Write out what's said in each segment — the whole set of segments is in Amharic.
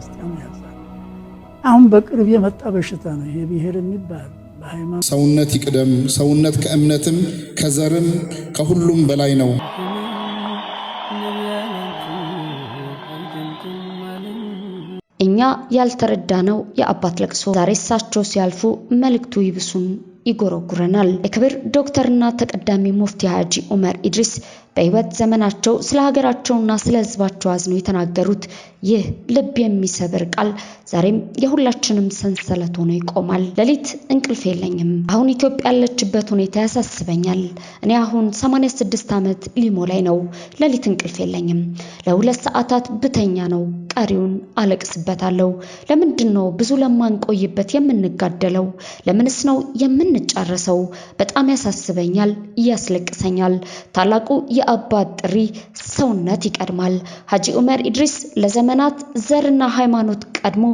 ክርስቲያኑ ያዛል። አሁን በቅርብ የመጣ በሽታ ነው ይሄ ብሔር የሚባል ሰውነት ይቅደም። ሰውነት ከእምነትም ከዘርም ከሁሉም በላይ ነው። እኛ ያልተረዳነው የአባት ለቅሶ ዛሬ እሳቸው ሲያልፉ መልእክቱ ይብሱን ይጎረጉረናል። የክብር ዶክተርና ተቀዳሚ ሙፍቲ ሀጂ ኡመር ኢድሪስ በህይወት ዘመናቸው ስለ ሀገራቸውና ስለ ህዝባቸው አዝነው የተናገሩት ይህ ልብ የሚሰብር ቃል ዛሬም የሁላችንም ሰንሰለት ሆኖ ይቆማል። ሌሊት እንቅልፍ የለኝም። አሁን ኢትዮጵያ ያለችበት ሁኔታ ያሳስበኛል። እኔ አሁን 86 ዓመት ላይ ነው። ሌሊት እንቅልፍ የለኝም። ለሁለት ሰዓታት ብተኛ ነው፣ ቀሪውን አለቅስበታለሁ። ለምንድን ነው ብዙ ለማንቆይበት የምንጋደለው? ለምንስ ነው የምንጫረሰው? በጣም ያሳስበኛል፣ ያስለቅሰኛል። ታላቁ የአባት ጥሪ ሰውነት ይቀድማል። ሀጂ ዑመር ኢድሪስ ለዘመናት ዘርና ሃይማኖት ቀድሞ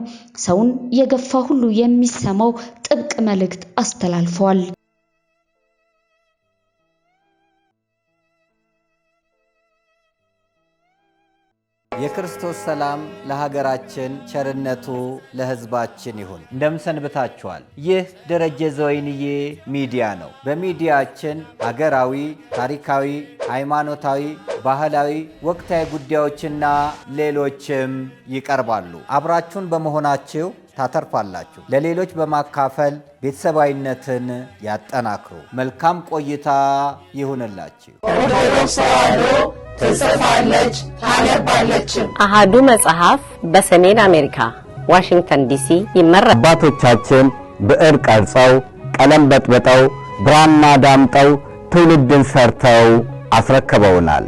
ሰውን የገፋ ሁሉ የሚሰማው ጥብቅ መልእክት አስተላልፈዋል። የክርስቶስ ሰላም ለሀገራችን፣ ቸርነቱ ለሕዝባችን ይሁን። እንደምሰንብታችኋል። ይህ ደረጀ ዘወይንዬ ሚዲያ ነው። በሚዲያችን ሀገራዊ፣ ታሪካዊ፣ ሃይማኖታዊ፣ ባህላዊ፣ ወቅታዊ ጉዳዮችና ሌሎችም ይቀርባሉ። አብራችሁን በመሆናችሁ ታተርፋላችሁ። ለሌሎች በማካፈል ቤተሰባዊነትን ያጠናክሩ። መልካም ቆይታ ይሁንላችሁ። ትጽፋለች፣ ታነባለችም። አሃዱ መጽሐፍ በሰሜን አሜሪካ ዋሽንግተን ዲሲ ይመራል። አባቶቻችን ብዕር ቀርጸው፣ ቀለም በጥበጠው፣ ብራና ዳምጠው ትውልድን ሰርተው አስረክበውናል።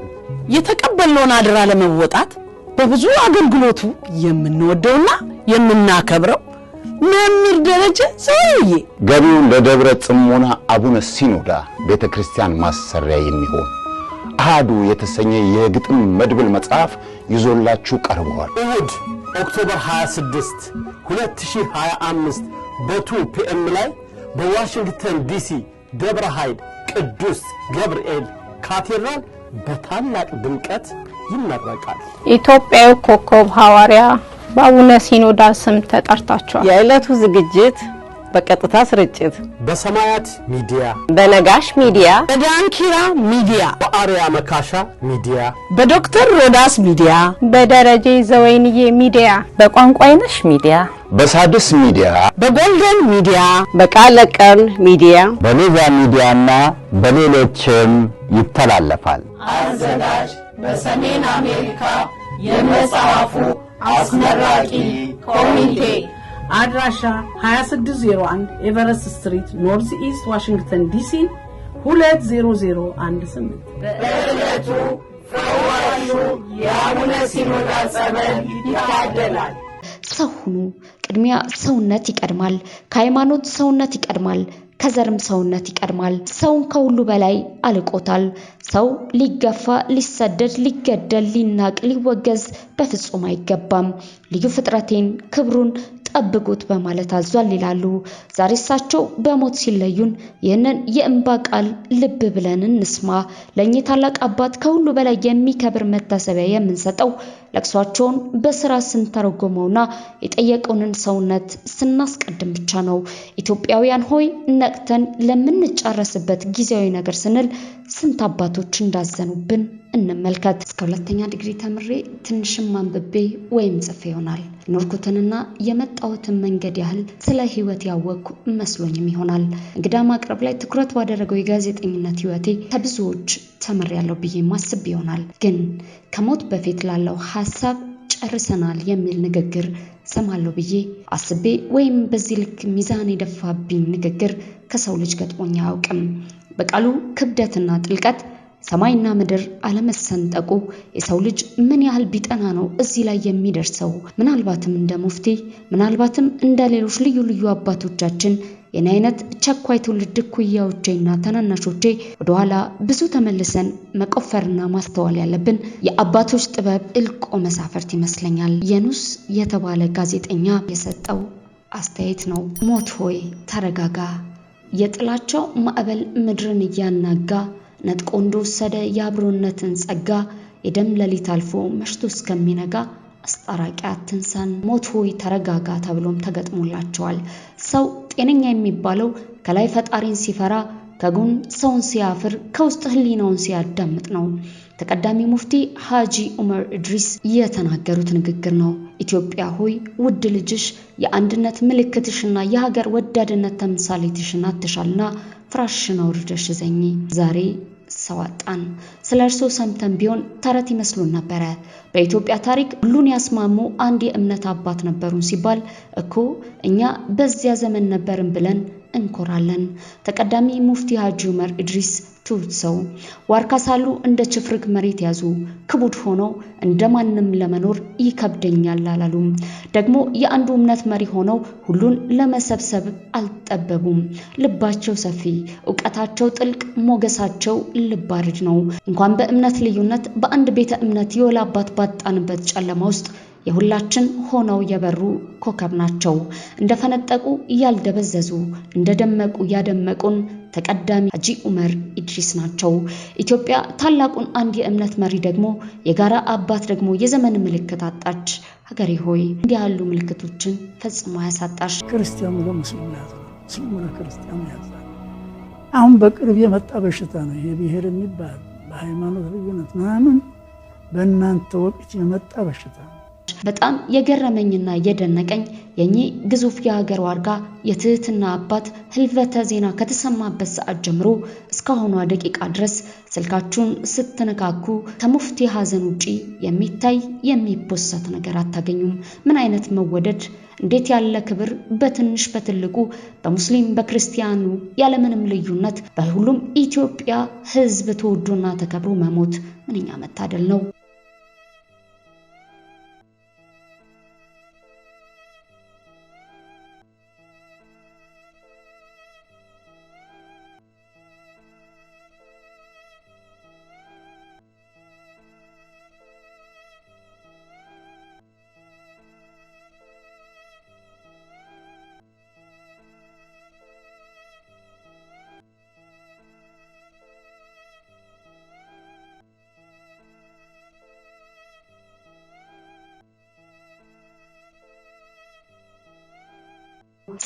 የተቀበልነውን አደራ ለመወጣት በብዙ አገልግሎቱ የምንወደውና የምናከብረው መምህር ደረጀ ሰውዬ ገቢው ለደብረ ጽሞና አቡነ ሲኖዳ ቤተ ክርስቲያን ማሰሪያ የሚሆን አሃዱ የተሰኘ የግጥም መድብል መጽሐፍ ይዞላችሁ ቀርበዋል። እሁድ ኦክቶበር 26 2025 በቱ ፒኤም ላይ በዋሽንግተን ዲሲ ደብረ ኃይል ቅዱስ ገብርኤል ካቴድራል በታላቅ ድምቀት ይመረቃል። ኢትዮጵያዊ ኮከብ ሐዋርያ በአቡነ ሲኖዳ ስም ተጠርታቸዋል። የዕለቱ ዝግጅት በቀጥታ ስርጭት በሰማያት ሚዲያ፣ በነጋሽ ሚዲያ፣ በዳንኪራ ሚዲያ፣ በአርያ መካሻ ሚዲያ፣ በዶክተር ሮዳስ ሚዲያ፣ በደረጀ ዘወይንዬ ሚዲያ፣ በቋንቋይነሽ ሚዲያ፣ በሳድስ ሚዲያ፣ በጎልደን ሚዲያ፣ በቃለ ቀን ሚዲያ፣ በኔዛ ሚዲያና በሌሎችም ይተላለፋል። አዘጋጅ በሰሜን አሜሪካ የመጽሐፉ አስመራቂ ኮሚቴ አድራሻ 2601 ኤቨረስት ስትሪት ኖርዝ ኢስት ዋሽንግተን ዲሲ 20018። በዕለቱ ፈዋሹ የአቡነ ሲኖዳ ጸበል ይታደላል። ሰው ሁኑ። ቅድሚያ ሰውነት ይቀድማል። ከሃይማኖት ሰውነት ይቀድማል። ከዘርም ሰውነት ይቀድማል። ሰውን ከሁሉ በላይ አልቆታል። ሰው ሊገፋ፣ ሊሰደድ፣ ሊገደል፣ ሊናቅ፣ ሊወገዝ በፍጹም አይገባም። ልዩ ፍጥረቴን ክብሩን ጠብቁት በማለት አዟል ይላሉ። ዛሬ እሳቸው በሞት ሲለዩን ይህንን የእንባ ቃል ልብ ብለን እንስማ። ለእኚህ ታላቅ አባት ከሁሉ በላይ የሚከብር መታሰቢያ የምንሰጠው ለቅሷቸውን በስራ ስንተረጎመውና የጠየቀውንን ሰውነት ስናስቀድም ብቻ ነው። ኢትዮጵያውያን ሆይ ነቅተን ለምንጨረስበት ጊዜያዊ ነገር ስንል ስንት አባቶች እንዳዘኑብን እንመልከት። እስከ ሁለተኛ ዲግሪ ተምሬ ትንሽም አንብቤ ወይም ጽፌ ይሆናል ኖርኩትንና የመጣሁትን መንገድ ያህል ስለ ህይወት ያወቅኩ መስሎኝም ይሆናል። እንግዳ ማቅረብ ላይ ትኩረት ባደረገው የጋዜጠኝነት ህይወቴ ከብዙዎች ተምሬያለሁ ብዬ ማስብ ይሆናል። ግን ከሞት በፊት ላለው ሀሳብ ጨርሰናል የሚል ንግግር ሰማለሁ ብዬ አስቤ ወይም በዚህ ልክ ሚዛን የደፋብኝ ንግግር ከሰው ልጅ ገጥሞኝ አያውቅም። በቃሉ ክብደትና ጥልቀት ሰማይና ምድር አለመሰንጠቁ የሰው ልጅ ምን ያህል ቢጠና ነው እዚህ ላይ የሚደርሰው? ምናልባትም እንደ ሙፍቲ ምናልባትም እንደ ሌሎች ልዩ ልዩ አባቶቻችን የኔ አይነት ቸኳይ ትውልድ እኩያዎቼና ተናናሾቼ ወደኋላ ብዙ ተመልሰን መቆፈርና ማስተዋል ያለብን የአባቶች ጥበብ እልቆ መሳፈርት ይመስለኛል። የኑስ የተባለ ጋዜጠኛ የሰጠው አስተያየት ነው። ሞት ሆይ ተረጋጋ። የጥላቻው ማዕበል ምድርን እያናጋ ነጥቆ እንደወሰደ የአብሮነትን ጸጋ የደም ሌሊት አልፎ መሽቶ እስከሚነጋ አስጣራቂ አትንሳን፣ ሞት ሆይ ተረጋጋ ተብሎም ተገጥሞላቸዋል። ሰው ጤነኛ የሚባለው ከላይ ፈጣሪን ሲፈራ፣ ከጎን ሰውን ሲያፍር፣ ከውስጥ ህሊናውን ሲያዳምጥ ነው። ተቀዳሚ ሙፍቲ ሀጂ ዑመር እድሪስ የተናገሩት ንግግር ነው። ኢትዮጵያ ሆይ ውድ ልጅሽ የአንድነት ምልክትሽና የሀገር ወዳድነት ተምሳሌትሽን አትሻልና ፍራሽን አውርደሽ ዘኚ ዛሬ ሰዋጣን ስለ እርሶ ሰምተን ቢሆን ተረት ይመስሉን ነበረ። በኢትዮጵያ ታሪክ ሁሉን ያስማሙ አንድ የእምነት አባት ነበሩን ሲባል እኮ እኛ በዚያ ዘመን ነበርን ብለን እንኮራለን። ተቀዳሚ ሙፍቲ ሀጂ ዑመር ኢድሪስ ትውት ሰው ዋርካ ሳሉ እንደ ችፍርግ መሬት ያዙ። ክቡድ ሆነው እንደ ማንም ለመኖር ይከብደኛል አላሉም። ደግሞ የአንዱ እምነት መሪ ሆነው ሁሉን ለመሰብሰብ አልጠበቡም። ልባቸው ሰፊ፣ እውቀታቸው ጥልቅ፣ ሞገሳቸው ልባርድ ነው። እንኳን በእምነት ልዩነት በአንድ ቤተ እምነት የወላ አባት ባጣንበት ጨለማ ውስጥ የሁላችን ሆነው የበሩ ኮከብ ናቸው። እንደፈነጠቁ እያልደበዘዙ እንደደመቁ ያደመቁን ተቀዳሚ ሀጂ ኡመር ኢድሪስ ናቸው። ኢትዮጵያ ታላቁን አንድ የእምነት መሪ ደግሞ የጋራ አባት ደግሞ የዘመን ምልክት አጣች። ሀገሬ ሆይ እንዲህ ያሉ ምልክቶችን ፈጽሞ ያሳጣሽ። ክርስቲያኑ ለሙስሊሙ ያዝ፣ ሙስሊሙ ለክርስቲያኑ አሁን በቅርብ የመጣ በሽታ ነው ይሄ ብሔር የሚባል በሃይማኖት ልዩነት ምናምን በእናንተ ወቅት የመጣ በሽታ ነው። በጣም የገረመኝና የደነቀኝ የኚህ ግዙፍ የሀገር ዋርጋ የትህትና አባት ህልፈተ ዜና ከተሰማበት ሰዓት ጀምሮ እስካሁኗ ደቂቃ ድረስ ስልካችሁን ስትነካኩ ከሙፍቲ ሀዘን ውጪ የሚታይ የሚፖሰት ነገር አታገኙም። ምን አይነት መወደድ፣ እንዴት ያለ ክብር! በትንሽ በትልቁ በሙስሊም በክርስቲያኑ ያለምንም ልዩነት በሁሉም ኢትዮጵያ ህዝብ ተወዶና ተከብሮ መሞት ምንኛ መታደል ነው!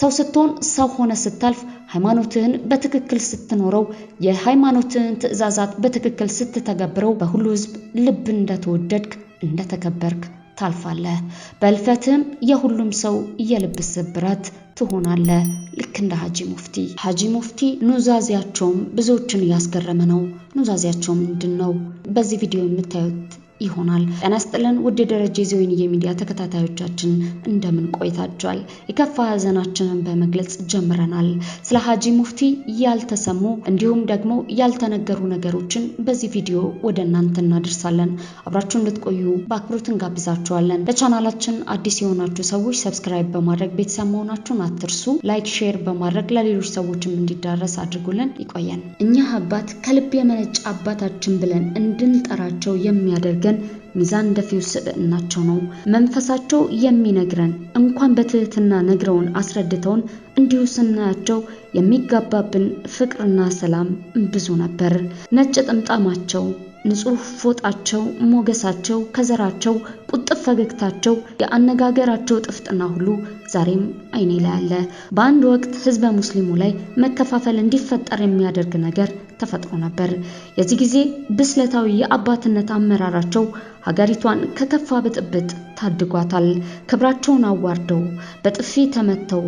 ሰው ስትሆን ሰው ሆነ ስታልፍ ሃይማኖትህን በትክክል ስትኖረው የሃይማኖትህን ትዕዛዛት በትክክል ስትተገብረው በሁሉ ህዝብ ልብ እንደተወደድክ እንደተከበርክ ታልፋለህ። በልፈትህም የሁሉም ሰው የልብ ስብረት ትሆናለህ። ልክ እንደ ሀጂ ሙፍቲ። ሀጂ ሙፍቲ ኑዛዜያቸውም ብዙዎችን እያስገረመ ነው። ኑዛዜያቸው ምንድን ነው? በዚህ ቪዲዮ የምታዩት ይሆናል። ጤና ይስጥልን ውድ የደረጀ ዘወይንዬ የሚዲያ ተከታታዮቻችን እንደምን ቆይታችኋል? የከፋ ሀዘናችንን በመግለጽ ጀምረናል። ስለ ሀጂ ሙፍቲ ያልተሰሙ እንዲሁም ደግሞ ያልተነገሩ ነገሮችን በዚህ ቪዲዮ ወደ እናንተ እናደርሳለን። አብራችሁ እንድትቆዩ በአክብሮት እንጋብዛችኋለን። ለቻናላችን አዲስ የሆናችሁ ሰዎች ሰብስክራይብ በማድረግ ቤተሰብ መሆናችሁን አትርሱ። ላይክ፣ ሼር በማድረግ ለሌሎች ሰዎችም እንዲዳረስ አድርጉልን። ይቆየን። እኛ አባት ከልብ የመነጨ አባታችን ብለን እንድንጠራቸው የሚያደርገን ግን ሚዛን እንደፊው ስብዕናቸው ነው። መንፈሳቸው የሚነግረን እንኳን በትህትና ነግረውን አስረድተውን እንዲሁ ስናያቸው የሚጋባብን ፍቅርና ሰላም ብዙ ነበር። ነጭ ጥምጣማቸው፣ ንጹህ ፎጣቸው፣ ሞገሳቸው፣ ከዘራቸው፣ ቁጥብ ፈገግታቸው፣ የአነጋገራቸው ጥፍጥና ሁሉ ዛሬም አይኔ ላይ አለ። በአንድ ወቅት ህዝበ ሙስሊሙ ላይ መከፋፈል እንዲፈጠር የሚያደርግ ነገር ተፈጥሮ ነበር። የዚህ ጊዜ ብስለታዊ የአባትነት አመራራቸው ሀገሪቷን ከከፋ ብጥብጥ ታድጓታል። ክብራቸውን አዋርደው በጥፊ ተመተው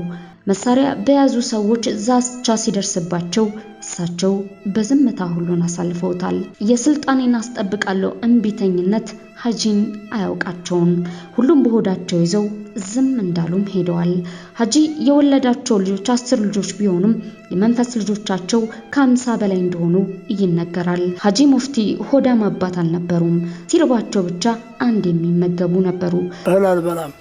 መሳሪያ በያዙ ሰዎች ዛቻ ሲደርስባቸው እሳቸው በዝምታ ሁሉን አሳልፈውታል። የስልጣኔን አስጠብቃለሁ እምቢተኝነት ሀጂን አያውቃቸውም። ሁሉም በሆዳቸው ይዘው ዝም እንዳሉም ሄደዋል። ሀጂ የወለዳቸው ልጆች አስር ልጆች ቢሆኑም የመንፈስ ልጆቻቸው ከአምሳ በላይ እንደሆኑ ይነገራል። ሀጂ ሙፍቲ ሆዳም አባት አልነበሩም። ሲርባቸው ብቻ አንድ የሚመገቡ ነበሩ። እህል አልበላም።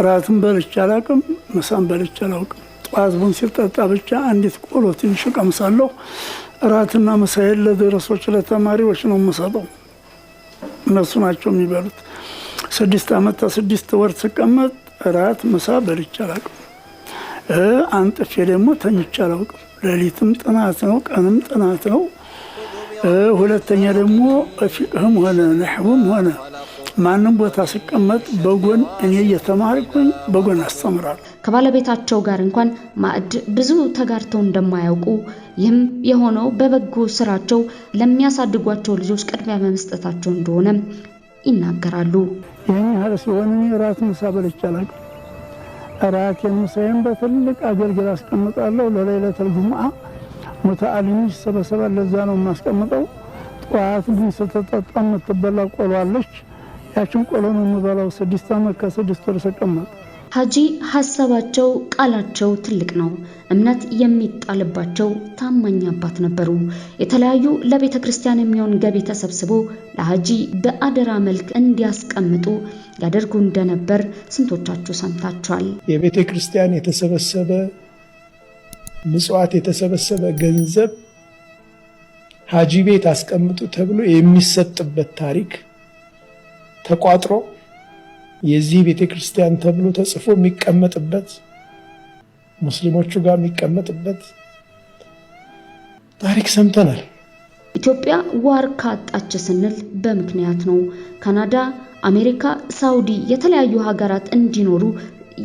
እራቱም በልቼ አላውቅም። ምሳም በልቼ አላውቅም። ሕዝቡን ሲጠጣ ብቻ አንዲት ቆሎ ትንሽ ቀምሳለሁ። እራትና ምሳዬን ለደረሶች ለተማሪዎች ነው የምሰጠው። እነሱ ናቸው የሚበሉት። ስድስት ዓመት ስድስት ወር ስቀመጥ እራት ምሳ በልቼ አላውቅም። አንጥፌ ደግሞ ተኝቼ አላውቅም። ሌሊትም ጥናት ነው፣ ቀንም ጥናት ነው። ሁለተኛ ደግሞ ፊቅህም ሆነ ነሕቡም ሆነ ማንም ቦታ ስቀመጥ በጎን እኔ እየተማርኩኝ በጎን አስተምራለሁ። ከባለቤታቸው ጋር እንኳን ማዕድ ብዙ ተጋርተው እንደማያውቁ ይህም የሆነው በበጎ ስራቸው ለሚያሳድጓቸው ልጆች ቅድሚያ በመስጠታቸው እንደሆነ ይናገራሉ። ይህን ያህል ሲሆን እኔ ራት ምሳ በልቼ አላውቅም። ራቴን ምሳዬን በትልቅ አገልግል አስቀምጣለሁ። ለሌለተል ጁምዓ ሙተአሊሚ ይሰበሰባል። ለዛ ነው የማስቀምጠው። ጠዋት ግን ስትጠጣ የምትበላ ቆሎ አለች። ያችን ቆሎ ነው የምበላው። ስድስት ዓመት ከስድስት ወር ስቀመጥ ሀጂ ሀሳባቸው፣ ቃላቸው ትልቅ ነው። እምነት የሚጣልባቸው ታማኝ አባት ነበሩ። የተለያዩ ለቤተ ክርስቲያን የሚሆን ገቢ ተሰብስቦ ለሀጂ በአደራ መልክ እንዲያስቀምጡ ያደርጉ እንደነበር ስንቶቻችሁ ሰምታችኋል? የቤተ ክርስቲያን የተሰበሰበ ምጽዋት፣ የተሰበሰበ ገንዘብ ሀጂ ቤት አስቀምጡ ተብሎ የሚሰጥበት ታሪክ ተቋጥሮ የዚህ ቤተ ክርስቲያን ተብሎ ተጽፎ የሚቀመጥበት ሙስሊሞቹ ጋር የሚቀመጥበት ታሪክ ሰምተናል። ኢትዮጵያ ዋርካ አጣች ስንል በምክንያት ነው። ካናዳ፣ አሜሪካ፣ ሳውዲ የተለያዩ ሀገራት እንዲኖሩ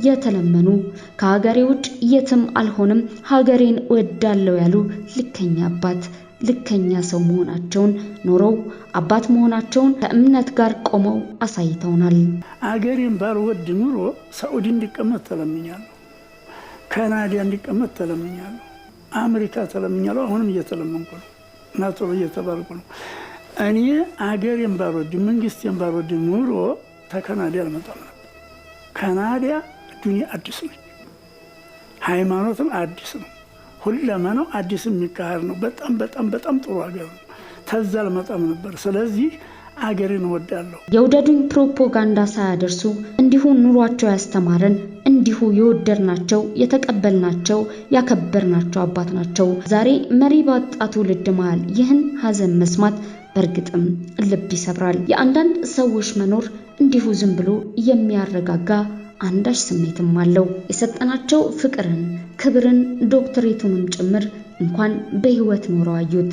የተለመኑ ከሀገሬ ውጭ የትም አልሆንም ሀገሬን ወዳለው ያሉ ልከኛ አባት ልከኛ ሰው መሆናቸውን ኖረው አባት መሆናቸውን ከእምነት ጋር ቆመው አሳይተውናል። አገሬን ባልወድ ኑሮ ሳዑዲ እንዲቀመጥ ተለምኛለሁ፣ ካናዳ እንዲቀመጥ ተለምኛለሁ፣ አሜሪካ ተለምኛለሁ። አሁንም እየተለመንኩ ነው፣ ናቶ እየተባልኩ ነው። እኔ አገሬን ባልወድ መንግስቴን ባልወድ ኑሮ ተካናዳ አልመጣም ነበር። ካናዳ ዱኒያ አዲስ ነው፣ ሃይማኖትም አዲስ ነው። ሁለመናው አዲስ የሚካሄድ ነው። በጣም በጣም በጣም ጥሩ ሀገር ነው። ተዛ አልመጣም ነበር። ስለዚህ አገሬን እወዳለሁ። የውደዱኝ ፕሮፓጋንዳ ሳያደርሱ እንዲሁ ኑሯቸው ያስተማረን እንዲሁ የወደድናቸው የተቀበልናቸው ያከበርናቸው አባት ናቸው። ዛሬ መሪ ባጣ ትውልድ መሃል ይህን ሀዘን መስማት በእርግጥም ልብ ይሰብራል። የአንዳንድ ሰዎች መኖር እንዲሁ ዝም ብሎ የሚያረጋጋ አንዳች ስሜትም አለው። የሰጠናቸው ፍቅርን ክብርን ዶክትሬቱንም ጭምር እንኳን በሕይወት ኖረው አዩት።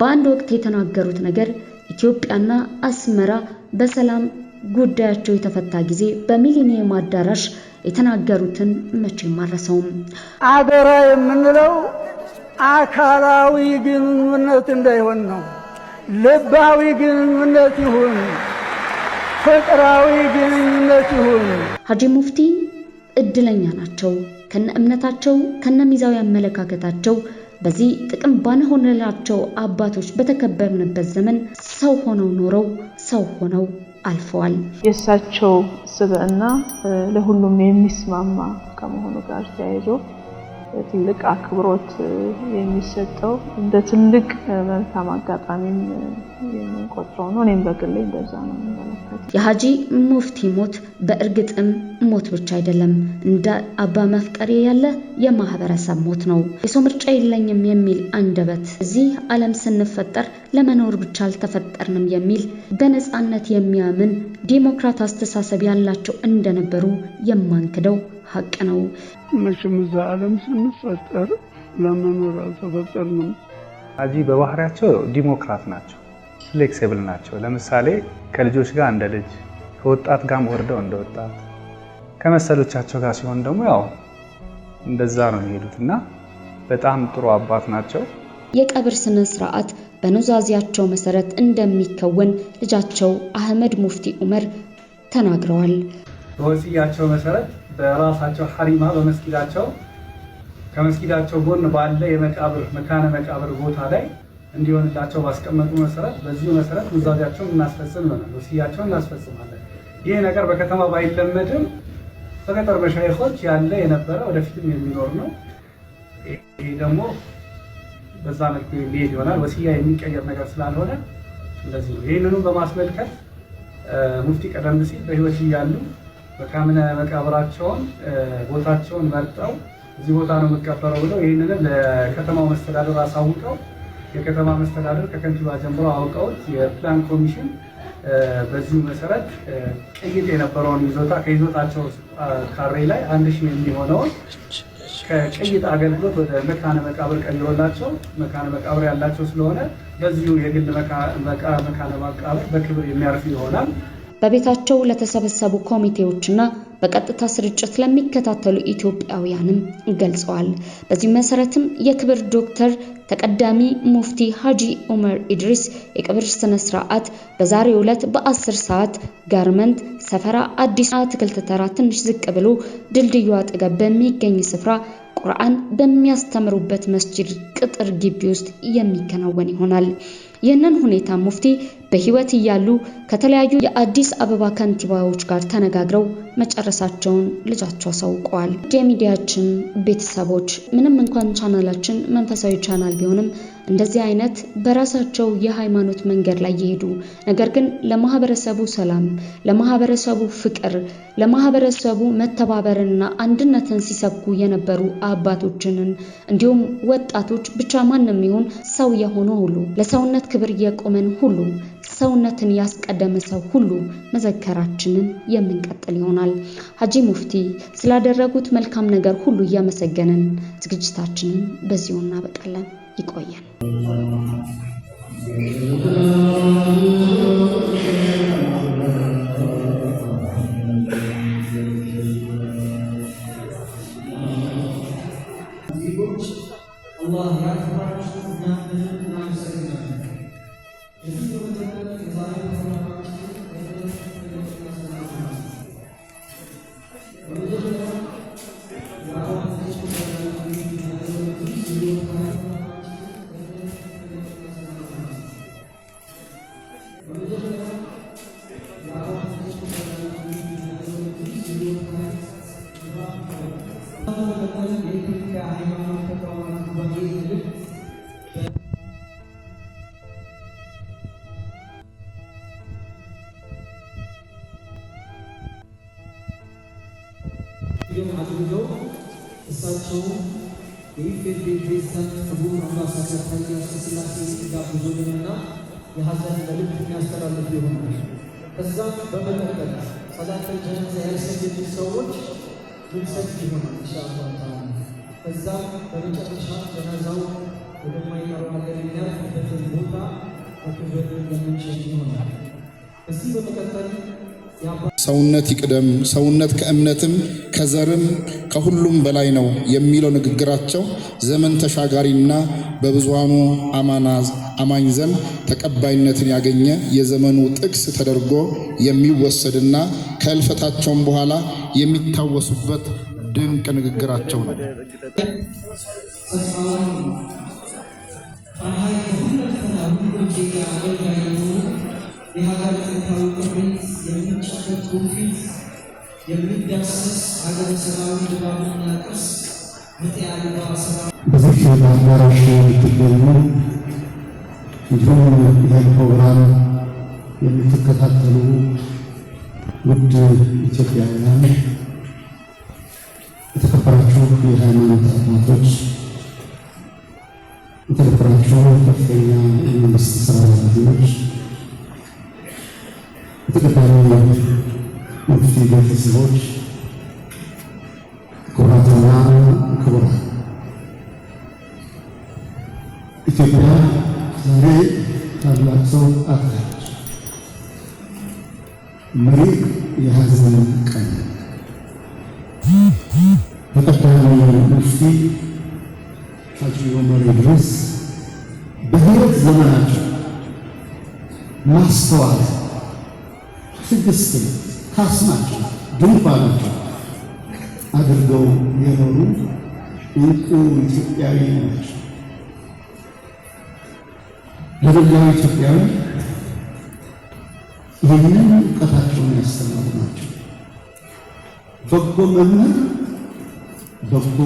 በአንድ ወቅት የተናገሩት ነገር ኢትዮጵያና አስመራ በሰላም ጉዳያቸው የተፈታ ጊዜ በሚሊኒየም አዳራሽ የተናገሩትን መቼም አረሰውም። አደራ የምንለው አካላዊ ግንኙነት እንዳይሆን ነው። ልባዊ ግንኙነት ይሁን፣ ፍቅራዊ ግንኙነት ይሁን። ሀጂ ሙፍቲ እድለኛ ናቸው። ከነ እምነታቸው ከነ ሚዛዊ አመለካከታቸው በዚህ ጥቅም ባንሆንላቸው አባቶች በተከበርንበት ዘመን ሰው ሆነው ኖረው ሰው ሆነው አልፈዋል። የእሳቸው ስብዕና ለሁሉም የሚስማማ ከመሆኑ ጋር ተያይዞ ትልቅ አክብሮት የሚሰጠው እንደ ትልቅ መልካም አጋጣሚም የምንቆጥረው ነው። እኔም በግሌ እንደዛ ነው የሚመለከት። የሀጂ ሙፍቲ ሞት በእርግጥም ሞት ብቻ አይደለም፣ እንደ አባ መፍቀሬ ያለ የማህበረሰብ ሞት ነው። የሰው ምርጫ የለኝም የሚል አንደበት እዚህ ዓለም ስንፈጠር ለመኖር ብቻ አልተፈጠርንም የሚል በነፃነት የሚያምን ዴሞክራት አስተሳሰብ ያላቸው እንደነበሩ የማንክደው ሀቅ ነው። መቼም እዛ ዓለም ስንፈጠር ለመኖር አልተፈጠርንም። አዚህ በባህሪያቸው ዲሞክራት ናቸው፣ ፍሌክሲብል ናቸው። ለምሳሌ ከልጆች ጋር እንደ ልጅ፣ ከወጣት ጋርም ወርደው እንደ ወጣት፣ ከመሰሎቻቸው ጋር ሲሆን ደግሞ ያው እንደዛ ነው የሚሄዱት እና በጣም ጥሩ አባት ናቸው። የቀብር ስነ ስርዓት በኑዛዚያቸው መሰረት እንደሚከወን ልጃቸው አህመድ ሙፍቲ ዑመር ተናግረዋል። በወሲያቸው መሰረት በራሳቸው ሐሪማ በመስጊዳቸው ከመስጊዳቸው ጎን ባለ የመቃብር መካነ መቃብር ቦታ ላይ እንዲሆንላቸው ባስቀመጡ መሰረት በዚሁ መሰረት ኑዛዚያቸውን እናስፈጽም ይሆናል። ወሲያቸውን እናስፈጽማለን። ይህ ነገር በከተማ ባይለመድም በገጠር መሻይኮች ያለ የነበረ ወደፊትም የሚኖር ነው። ይሄ ደግሞ በዛ መልኩ የሚሄድ ይሆናል። ወሲያ የሚቀየር ነገር ስላልሆነ እንደዚህ ነው። ይህንኑ በማስመልከት ሙፍቲ ቀደም ሲል በህይወት እያሉ መካምነ መቃብራቸውን ቦታቸውን መርጠው እዚህ ቦታ ነው የምትቀበረው ብለው ይህንንም ለከተማው መስተዳደር አሳውቀው የከተማ መስተዳደር ከከንቲባ ጀምሮ አውቀውት የፕላን ኮሚሽን በዚሁ መሰረት ቅይጥ የነበረውን ይዞታ ከይዞታቸው ካሬ ላይ አንድ ሺህ የሚሆነውን ከቅይጥ አገልግሎት ወደ መካነ መቃብር ቀይሮላቸው መካነ መቃብር ያላቸው ስለሆነ በዚሁ የግል መካነ መቃብር በክብር የሚያርፍ ይሆናል። በቤታቸው ለተሰበሰቡ ኮሚቴዎችና በቀጥታ ስርጭት ለሚከታተሉ ኢትዮጵያውያንም ገልጸዋል። በዚህ መሰረትም የክብር ዶክተር ተቀዳሚ ሙፍቲ ሀጂ ኡመር ኢድሪስ የቅብር ስነ ስርዓት በዛሬው ዕለት በ10 ሰዓት ጋርመንት ሰፈራ አዲስ አትክልት ተራ ትንሽ ዝቅ ብሎ ድልድዩ አጠገብ በሚገኝ ስፍራ ቁርአን በሚያስተምሩበት መስጂድ ቅጥር ግቢ ውስጥ የሚከናወን ይሆናል። ይህንን ሁኔታ ሙፍቲ በህይወት እያሉ ከተለያዩ የአዲስ አበባ ከንቲባዎች ጋር ተነጋግረው መጨረሳቸውን ልጃቸው አሳውቀዋል። የሚዲያችን ቤተሰቦች ምንም እንኳን ቻናላችን መንፈሳዊ ቻናል ቢሆንም እንደዚህ አይነት በራሳቸው የሃይማኖት መንገድ ላይ የሄዱ ነገር ግን ለማህበረሰቡ ሰላም፣ ለማህበረሰቡ ፍቅር፣ ለማህበረሰቡ መተባበርንና አንድነትን ሲሰብኩ የነበሩ አባቶችንን እንዲሁም ወጣቶች ብቻ ማንም ይሁን ሰው የሆነ ሁሉ ለሰውነት ክብር የቆመን ሁሉ ሰውነትን ያስቀደመ ሰው ሁሉ መዘከራችንን የምንቀጥል ይሆናል። ሀጂ ሙፍቲ ስላደረጉት መልካም ነገር ሁሉ እያመሰገንን ዝግጅታችንን በዚሁ እናበቃለን። ይቆያል። የኢትዮጵያ ሃይማኖት ተቋማት ጉባኤ አድርገው እሳቸው የኢፌዴሪ ፕሬዝዳንት ክቡር የሀዘን መልዕክት የሚያስተላልፍ ይሆናል። ከዛም በመቀጠል ሰዎች ይሆናል ከዛ በመጨረሻ ጀናዛው ሀገር የሚያልፍበትን ቦታ በክብር ይሆናል። በመቀጠል ሰውነት ይቅደም፣ ሰውነት ከእምነትም ከዘርም ከሁሉም በላይ ነው የሚለው ንግግራቸው ዘመን ተሻጋሪና በብዙሃኑ አማና አማኝ ዘንድ ተቀባይነትን ያገኘ የዘመኑ ጥቅስ ተደርጎ የሚወሰድና ከእልፈታቸውም በኋላ የሚታወሱበት ድንቅ ንግግራቸው ነው። በዚህ አዳራሽ የምትገኙ እንዲሁም ይህን ፕሮግራም የምትከታተሉ ውድ ኢትዮጵያውያን፣ የተከበራችሁ የሃይማኖት አባቶች፣ የተከበራችሁ ከፍተኛ የመንግስት ስራ ኃላፊዎች፣ የተቀዳሚ ሙፍቲ ቤተሰቦች፣ ክቡራትና ክቡራን ኢትዮጵያ ዛሬ ታላቅ ሰው አጣች። መሪር የሐዘን ቀን በቀዳሚ ሙፍቲ ሐጂ ዑመር ኢድሪስ በሕይወት ዘመናቸው ማስተዋል ትዕግስትን ካስናቸው ድንኳናቸው አድርገው የኖሩ እንቁ ኢትዮጵያዊ ናቸው። ለመላው ኢትዮጵያውያን ይህንን እውቀታቸውን ያስተማሩ ናቸው። በጎ መምህር፣ በጎ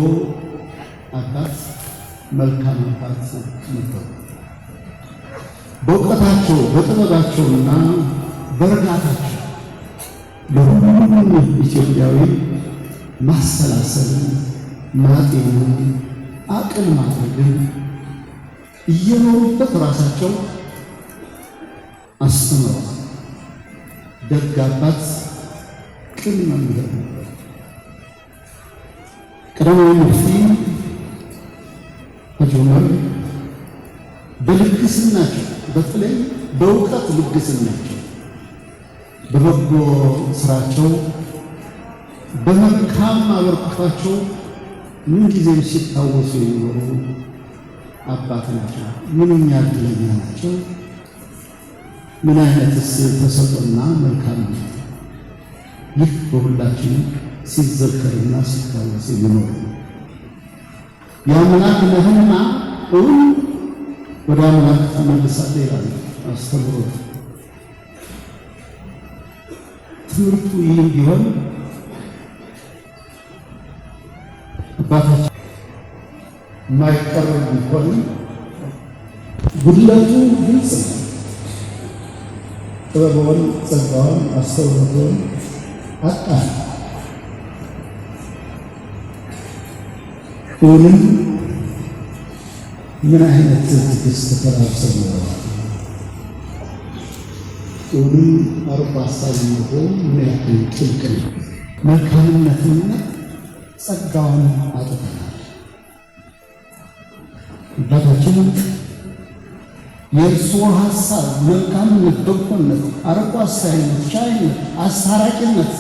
አባት፣ መልካም አባት ነበሩ። በእውቀታቸው በጥበባቸውና በእርጋታቸው ለሁሉም ኢትዮጵያዊ ማሰላሰልን ማጤንን አቅል ማድረግን እየኖሩበት ራሳቸው አስተምረዋል። ደግ አባት፣ ቅን መምህር ነበር። ቀዳማዊ ሙፍቲ ሐጂ ዑመር በልግስናቸው በተለይ በእውቀት ልግስናቸው በበጎ ስራቸው በመልካም አበርክቷቸው ምንጊዜም ሲታወሱ የሚኖሩ አባት ናቸው። ምንኛ እድለኛ ናቸው! ምን አይነትስ ተሰጥኦና መልካም ነው! ይህ በሁላችንም ሲዘከርና ሲታወስ የሚኖር የአምላክ ነህና እውን ወደ አምላክ ተመልሳለህ ይላል አስተምሮ ትምህርቱ ይህ ቢሆን አባታችን ማይቀረቡ ቢሆንም ጉድለቱ ግልጽ ነው። ጥበበውን፣ ጸጋውን፣ አስተውሎቱን አጣን። እውንም ምን አይነት ትዕግስት ተላብሰን ኖረዋል። እውንም አርቆ አሳቢነቱ ምን ያክል ጥልቅ ነው። መልካምነትና ጸጋውን አጥተናል። የእርሱ ሀሳብ መልካምነት፣ በጎነት፣ አርቆ አሳይነት፣ ቻይነት፣ አስታራቂነት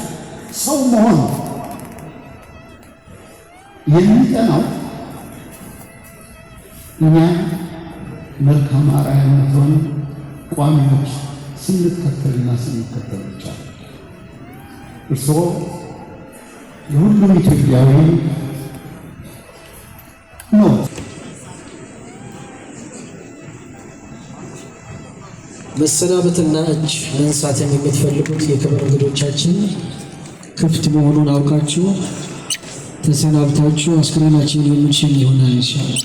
ሰው መሆን የሚጠናው እኛ መልካም አርአያ ቋሚዎች ስንከተልና ስንከተል ብቻ እርስዎ የሁሉም ኢትዮጵያዊ መሰናበትና እጅ መንሳት የምትፈልጉት የክብር እንግዶቻችን ክፍት መሆኑን አውቃችሁ ተሰናብታችሁ አስክሬናችን የምንችል ይሆናል ይሻላል።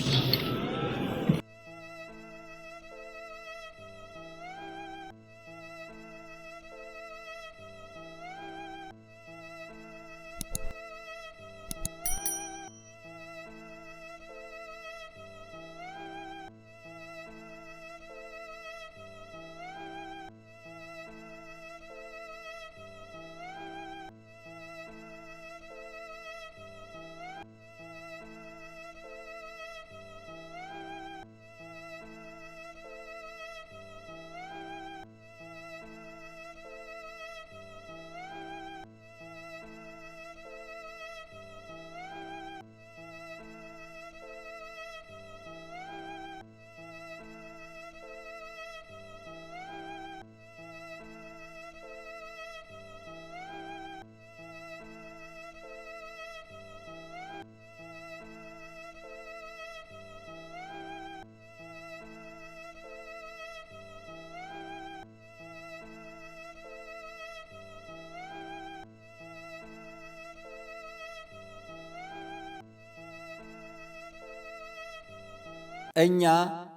እኛ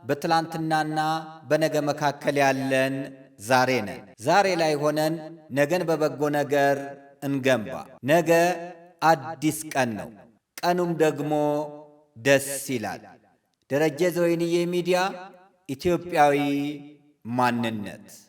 በትላንትናና በነገ መካከል ያለን ዛሬ ነን። ዛሬ ላይ ሆነን ነገን በበጎ ነገር እንገንባ። ነገ አዲስ ቀን ነው። ቀኑም ደግሞ ደስ ይላል። ደረጀ ዘወይንዬ ሚዲያ ኢትዮጵያዊ ማንነት